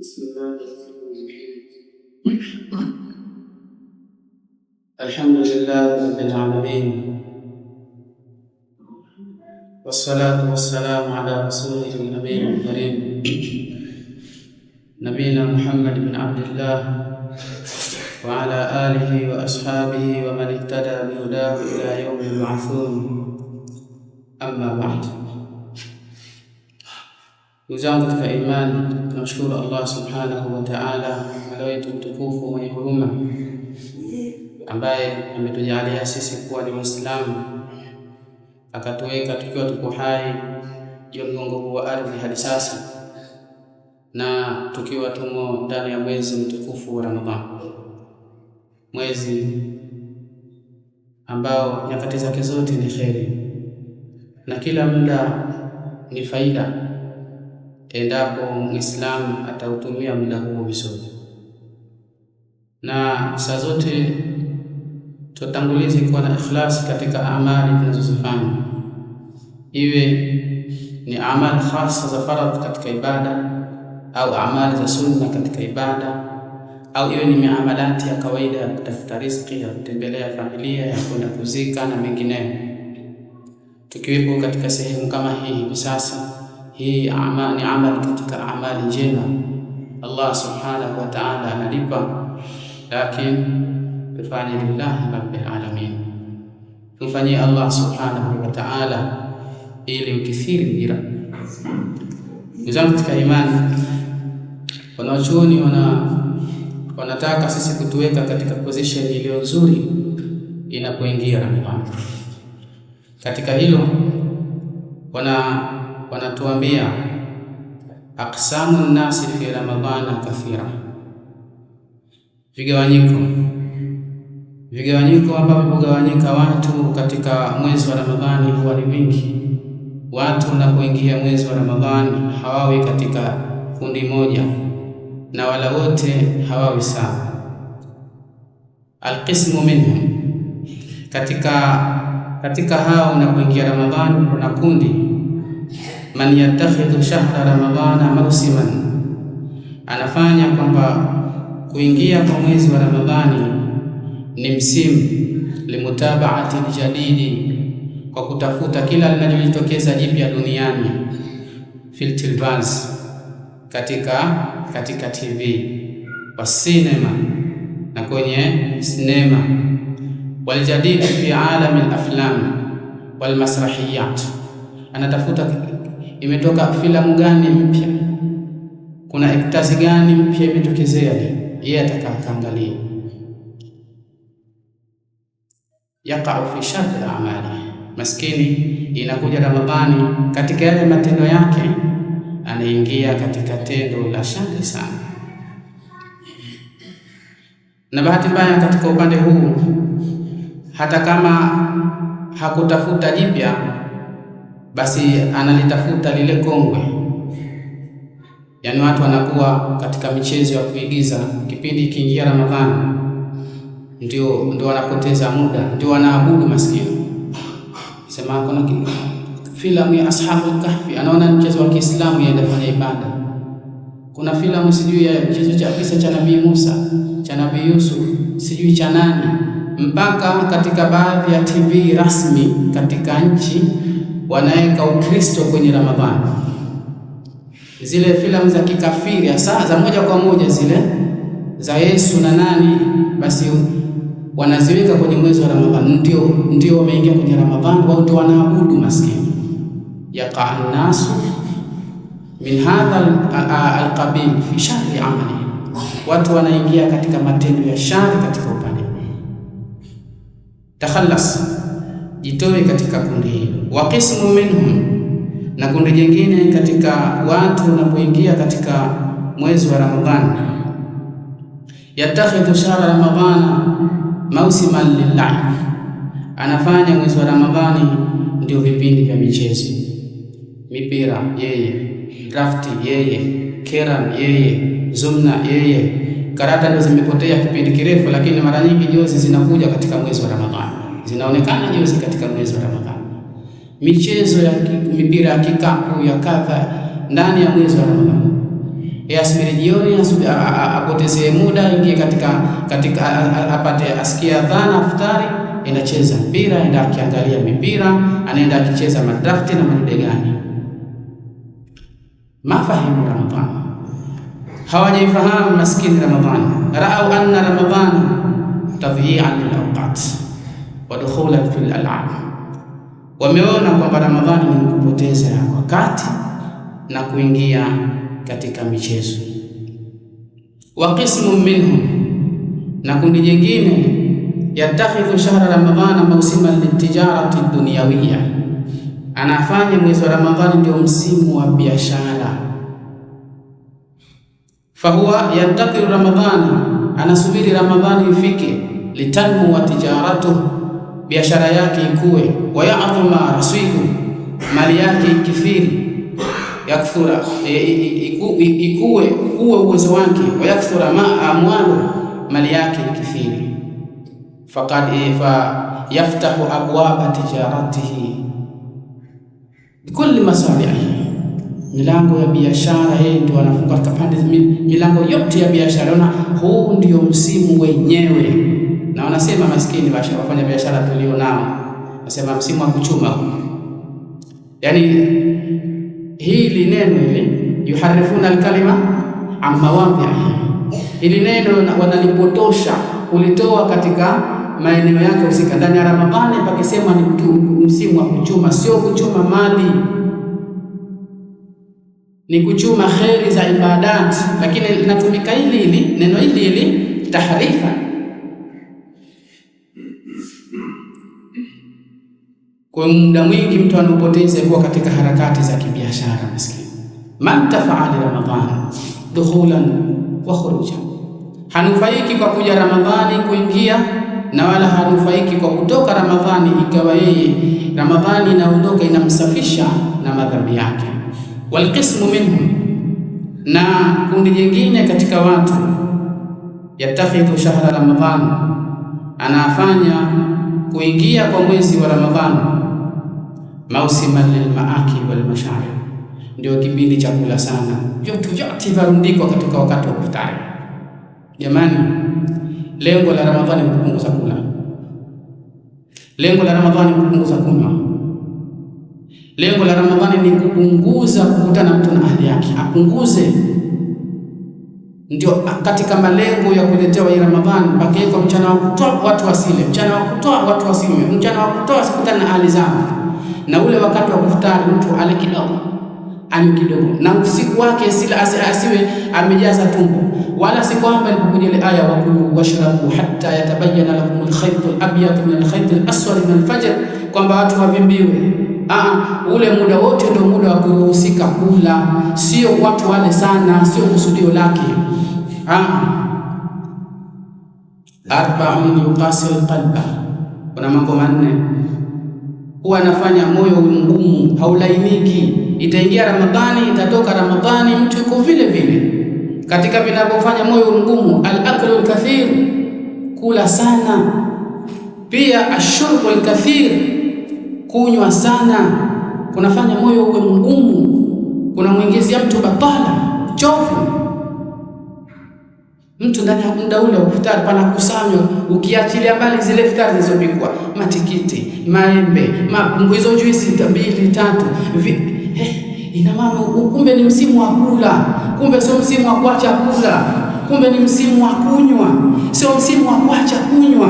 بسم الله الرحمن الرحيم الحمد لله رب العالمين والصلاة والسلام على رسوله النبي الكريم نبينا محمد بن عبد الله وعلى آله وأصحابه ومن اهتدى بهداه إلى يوم يبعثون أما بعد Ndugu zangu katika imani, tunamshukuru Allah subhanahu wa ta'ala, mola wetu mtukufu mwenye huruma, ambaye ametujalia sisi kuwa ni Waislamu, akatuweka tukiwa tuko hai juu ya mgongo huu wa ardhi hadi sasa, na tukiwa tumo ndani ya mwezi mtukufu wa Ramadhani, mwezi ambao nyakati zake zote ni kheri na kila muda ni faida endapo Muislamu atautumia muda huo vizuri. Na saa zote tutangulize kuwa na ikhlasi katika amali tunazozifanya, iwe ni amali hasa za faradhi katika ibada au amali za sunna katika ibada au iwe ni miamalati ya kawaida ya kutafuta riziki, ya kutembelea familia, ya kwenda kuzika na mengineyo, tukiwepo katika sehemu kama hii hivi sasa hii ni amali katika amali njema, Allah subhanahu wa ta'ala analipa, lakini tufanye lillahi rabbil alamin, tufanyie Allah subhanahu wa ta'ala ili ukithiri ghira. Nizama katika imani, wanachuoni wana wanataka sisi kutuweka katika position iliyo nzuri inapoingia Ramadhani. Katika hilo wana wanatuambia aksamu nnasi fi ramadana kathira, vigawanyiko vigawanyiko ambavyo kugawanyika watu katika mwezi wa Ramadhani huwa ni vingi. Watu wanapoingia mwezi wa Ramadhani hawawi katika kundi moja na wala wote hawawi sawa. Alqismu minhum, katika katika hao unapoingia Ramadhani kuna kundi man yattakhidhu shahra ramadhana mawsiman, anafanya kwamba kuingia kwa mwezi wa Ramadhani ni msimu limutabaati ljadidi, kwa kutafuta kila linalojitokeza jipya duniani fil tilvaz, katika katika TV wa sinema na kwenye sinema, waljadidi fi alami alaflam walmasrahiyat, anatafuta imetoka filamu gani mpya, kuna ektasi gani mpya imetokezea, yeye atakaa kaangalia. Yaqau fi sharri amali, maskini inakuja Ramadhani, katika yale matendo yake anaingia katika tendo la shari sana. Na bahati mbaya katika upande huu, hata kama hakutafuta jipya basi analitafuta lile kongwe, yaani watu wanakuwa katika michezo ya kuigiza. Kipindi kiingia Ramadhani ndio ndio wanapoteza muda, ndio wanaabudu maskini. Sema kuna filamu ya Ashabul Kahfi, anaona mchezo wa Kiislamu yaenda fanya ibada. Kuna filamu sijui ya mchezo cha kisa cha Nabii Musa cha Nabii Yusuf sijui cha nani, mpaka katika baadhi ya TV rasmi katika nchi wanaweka Ukristo kwenye Ramadhani. Zile filamu za kikafiri hasa za moja kwa moja zile za Yesu na nani, basi wanaziweka kwenye mwezi wa Ramadhani, ndio ndio wameingia kwenye Ramadhani, wao ndio wanaabudu maskini. Yaqa nnasu min hadha alqabil fi shari amali, watu wanaingia katika matendo ya shari katika upande. Takhallas, jitoe katika kundi hili wa qismu minhum, na kundi jingine katika watu wanapoingia katika mwezi wa Ramadhani, yatakhidhu shahra ramadhana mausiman lillahi, anafanya mwezi wa Ramadhani ndio vipindi vya michezo, mipira yeye, drafti yeye, keram yeye, zumna yeye. Karata ndio zimepotea kipindi kirefu, lakini mara nyingi njozi zinakuja katika mwezi wa Ramadhani, zinaonekana njozi katika mwezi wa Ramadhani michezo ya mipira ya kikapu ya kadha ndani ya mwezi wa Ramadhani. E, asubiri jioni, apotezee muda, ingie katika katika apate, askia dhana aftari, inacheza mpira, enda akiangalia mipira, anaenda akicheza madrafti na madude gani mafahimu Ramadhani hawajaifahamu maskini Ramadhani. Raau anna Ramadhani tadhyi'an lil awqat wa dukhulan fil al'am, wameona kwamba Ramadhani ni kupoteza wakati na kuingia katika michezo. Wa qismu minhum, na kundi jingine yatakhidhu shahra Ramadhana mausiman litijarati dunyawiya, anafanya mwezi wa Ramadhani ndio msimu wa biashara. Fahuwa yantakiru Ramadhana, anasubiri Ramadhani ifike, litanmu wa tijaratuhu biashara yake ikuwe, wayadhuma rasiku, mali yake ikithiri, yakthura e, e, e, ikue kuwe uwezo wake, wayakthura ma amwalu, mali yake ikithiri, faqad fa yaftahu abwaba tijaratihi bikulli masalihi, milango ya biashara yeye ndio anafunga katika pande milango yote ya biashara. Ona, huu ndio msimu wenyewe anasema maskini wafanya biashara tulio nao, nasema msimu wa kuchuma. yani hili neno hili yuharifuna alkalima an mawadhi hili neno wanalipotosha kulitoa katika maeneo yake husika. Ndani ya Ramadhani pakisema ni msimu wa kuchuma, sio kuchuma mali ni kuchuma kheri za ibadati, lakini linatumika hili hili neno hili hili tahrifa Kwa hiyo muda mwingi mtu anaupoteza kuwa katika harakati za kibiashara maskini. Man tafaa li Ramadhani dukhulan wa khuruja hanufaiki kwa kuja Ramadhani kuingia na wala hanufaiki kwa kutoka Ramadhani, ikawa yeye Ramadhani inaondoka inamsafisha na madhambi yake. Walqismu minhum, na kundi jingine katika watu, yatakhidhu shahra Ramadhani, anafanya kuingia kwa mwezi wa Ramadhani mausima lilmaaki walmashaari, ndio kipindi cha kula sana, vyote vyote varundikwa katika wakati wa kuftari. Jamani, lengo la Ramadhani ni kupunguza kula, lengo la Ramadhani ni kupunguza kunywa, lengo la Ramadhani ni kupunguza kukutana mtu na ahli yake, apunguze ndio katika malengo ya kuletewa hii Ramadhani, pakiwekwa mchana wa kutoa watu wasile, mchana wa kutoa watu wasinywe, mchana wa kutoa sikutana na ahli zangu na ule wakati wa kufutari mtu ale kidogo ani kidogo, na usiku wake sila asiwe amejaza tumbo, wala si kwamba ilipokuja ile aya wakulu washrabu hatta yatabayana lakum alkhaytu alabyadu min alkhayti alaswadi min alfajr, kwamba watu wavimbiwe. Aa, ah, ule muda wote ndio muda wa kuhusika kula, sio watu wale sana, sio kusudio lake. Ah. Arbaun yuqasil qalba, kuna mambo manne huwa anafanya moyo mgumu, haulainiki. Itaingia Ramadhani, itatoka Ramadhani, mtu yuko vile vile. Katika vinavyofanya moyo mgumu, al-aklu al-kathir, kula sana. Pia ashurbu al kunywa sana, kunafanya moyo uwe mgumu, kunamwingizia mtu batala, chofu Mtu ndani ya muda ule pana panakusanywa, ukiachilia mbali zile futari zilizopikwa, matikiti, maembe, mapungu, hizo juisi mbili tatu ina maana kumbe ni msimu wa kula, kumbe sio msimu wa kuacha kula, kumbe ni msimu wa kunywa, sio msimu wa kuacha kunywa.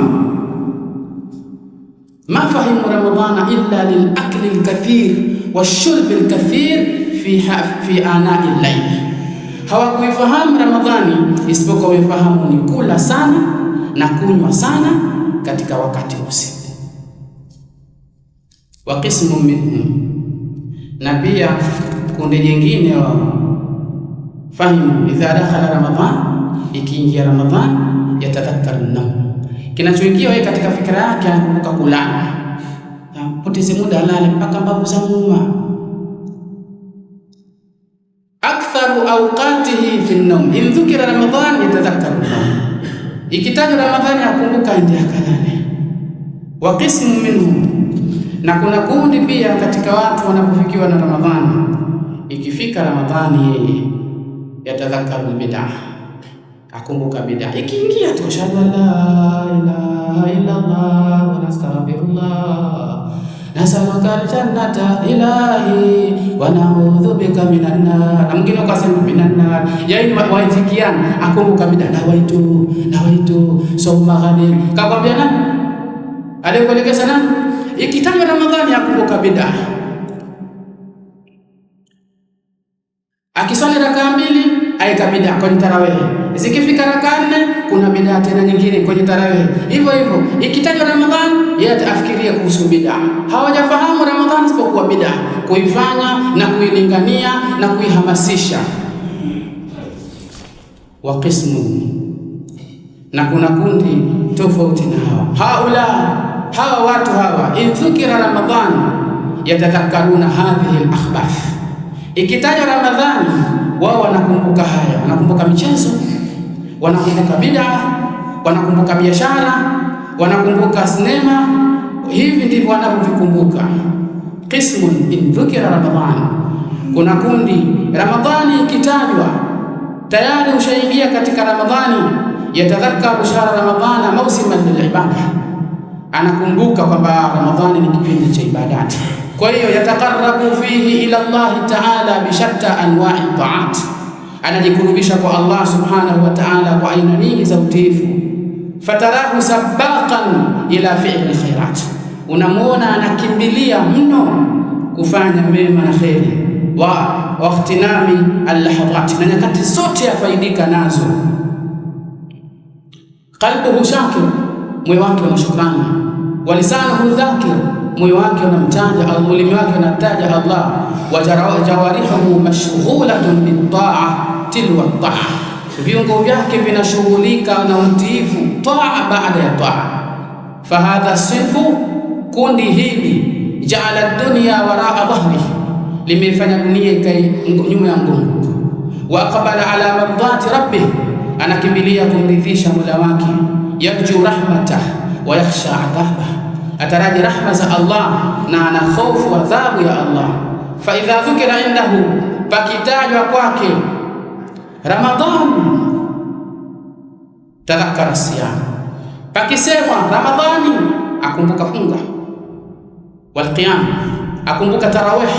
mafahimu Ramadhana illa lilakli lkathir washurbi lkathir fi, fi anai llaili Hawakuifahamu Ramadhani isipokuwa wamefahamu ni kula sana na kunywa sana katika wakati usiku. Wa qismu minhum, na pia kundi jingine wa fahimu idha dakhala Ramadhan, ikiingia Ramadhan yatadhakkaru naum, kinachoingia wewe katika fikra yake anakumbuka kulala, poteze muda alale mpaka mbavu za muuma atharu awqatihi fi naum, in dhukira Ramadhan yatadhakkaru. Ikitajwa Ramadhani akumbuka ndiye akalale. Wa qismu minhum, na kuna kundi pia katika watu wanapofikiwa na Ramadhani, ikifika Ramadhani yeye yatadhakkaru bid'a, akumbuka bid'a. Ikiingia tu shahada la ilaha illa Allah wa nastaghfirullah nasalaka aljannata ilahi wanaudhu bika minan nar, na mwingine ukasema minan nar, yaani waitikiana. Akumbuka mida nawaitu nawaitu sauma ghani, kakwambia nani aliyekuelekeza nani? Ikitajwa Ramadhani akumbuka bida, akiswali rakaa mbili aika bida kwenye tarawehe, zikifika rakaa kuna bidaa tena nyingine kwenye tarawih. Hivyo hivyo ikitajwa Ramadhan, yeye afikirie kuhusu bidaa. Hawajafahamu Ramadhani isipokuwa bidaa, kuifanya na kuilingania na kuihamasisha. wa qismu, na kuna kundi tofauti na hawa haula, hawa watu hawa, in Ramadhan Ramadhani yatadhakkaruna hadhihi al-akhbath, ikitajwa Ramadhani wao wanakumbuka haya, wanakumbuka michezo wanakumbuka bidaa, wanakumbuka biashara, wanakumbuka sinema. Hivi ndivyo wanavyovikumbuka. Qismun in dhukira ramadhan, kuna kundi Ramadhani ikitajwa tayari ushaingia katika Ramadhani. Yatadhakaru shahra Ramadhana mausiman lilibada, anakumbuka kwamba Ramadhani ni kipindi cha ibadati. Kwa hiyo yataqarrabu fihi ila Allah taala bishatta anwai taati anajikurubisha kwa Allah subhanahu wa ta'ala kwa aina nyingi za utiifu. Fatarahu sabaqan ila fi'li khairat, unamwona anakimbilia mno kufanya mema na kheri. Wa waqtinami allahdhat, na nyakati zote afaidika nazo. Qalbuhu shakir, moyo wake wa shukrani. Walisanuhu dhakir moyo wake unamtaja Allah, ulimi wake unamtaja Allah. Wajawarihuhu mashghulatun bitaa tilwa taa, viungo vyake vinashughulika na utiifu taa baada ya taa. Fahadha sifu, kundi hili jaala dunya waraa dhahri, limeifanya dunia ikae nyuma ya mgongo. Wa aqbala ala mardati rabbih, anakimbilia kumridhisha mola wake. Yarju rahmatah wa yakhsha adhabah ataraji rahma za Allah na ana hofu adhabu ya Allah. Fa idha dhukira indahu, pakitajwa kwake Ramadhan, tadhakkara siyam, pakisema Ramadhani akumbuka funga walqiyam akumbuka tarawih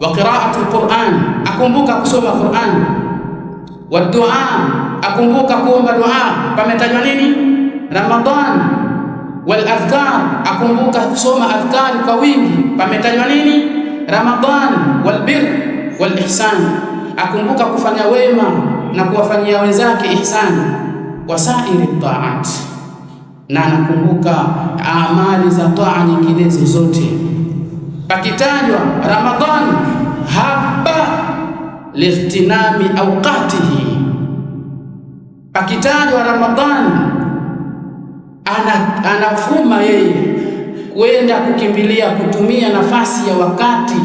wa qira'atul Qur'an, akumbuka kusoma Qur'an wa du'a, akumbuka kuomba dua. Pametajwa nini? Ramadhani wal adhkar, akumbuka kusoma adhkari kwa wingi. Pametajwa nini? Ramadhan Wal bir wal ihsan, akumbuka kufanya wema na kuwafanyia wenzake ihsani. sairi taat, na anakumbuka amali za taa nyinginezo zote. Pakitajwa Ramadhan hapa lihtinami awqatihi, pakitajwa Ramadhani ana, anafuma yeye kwenda kukimbilia kutumia nafasi ya wakati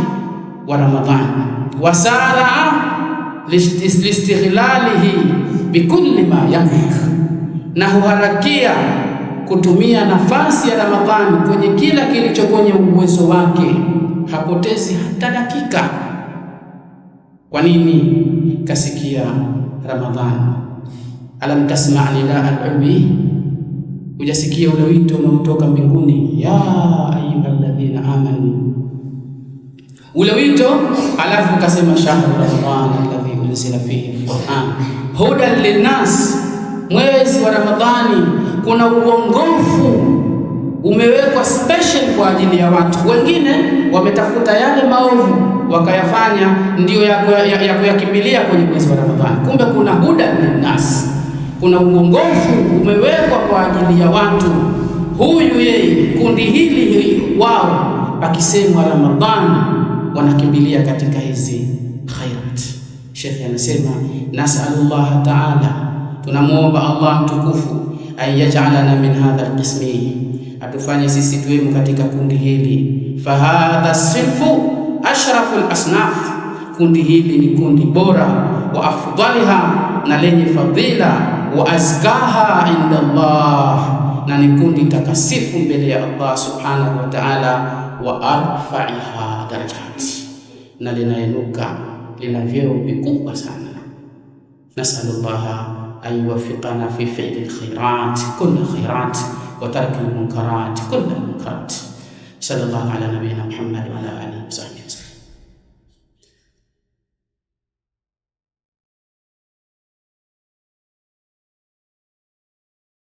wa Ramadhani, wasara listighlalihi bikulli ma yamlik, na huharakia kutumia nafasi ya Ramadhani kwenye kila kilicho kwenye uwezo wake, hapotezi hata dakika. Kwa nini? Kasikia Ramadhani. alam tasma nidaa al-ulwi Hujasikia ule wito unaotoka mbinguni, ya ayyuhalladhina amanu, ule wito alafu ukasema shahru ramadhana alladhi unzila fihi alquran hudan linnas, mwezi wa Ramadhani kuna uongofu umewekwa special kwa ajili ya watu. Wengine wametafuta yale maovu wakayafanya ndiyo ya kuyakimbilia kwenye mwezi wa Ramadhani, kumbe kuna hudan linnas kuna uongofu umewekwa kwa ajili ya watu. Huyu yeye kundi hili hili, wao akisemwa Ramadhani wanakimbilia katika hizi khairat. Shekhe anasema nasalullaha taala, tunamwomba Allah mtukufu ayajalana min hadha alqismi, atufanye sisi tuwemo katika kundi hili. Fahadha silfu ashrafu alasnaf, kundi hili ni kundi bora wa afdaliha, na lenye fadhila وأزكاها عند الله نعني كنت تكسف بلي الله سبحانه وتعالى وأرفعها درجات نلنا ينوكا لنا فيه بكوبة سنة نسأل الله أن يوفقنا في فعل الخيرات كل الخيرات وترك المنكرات كل المنكرات صلى الله على نبينا محمد وعلى آله وصحبه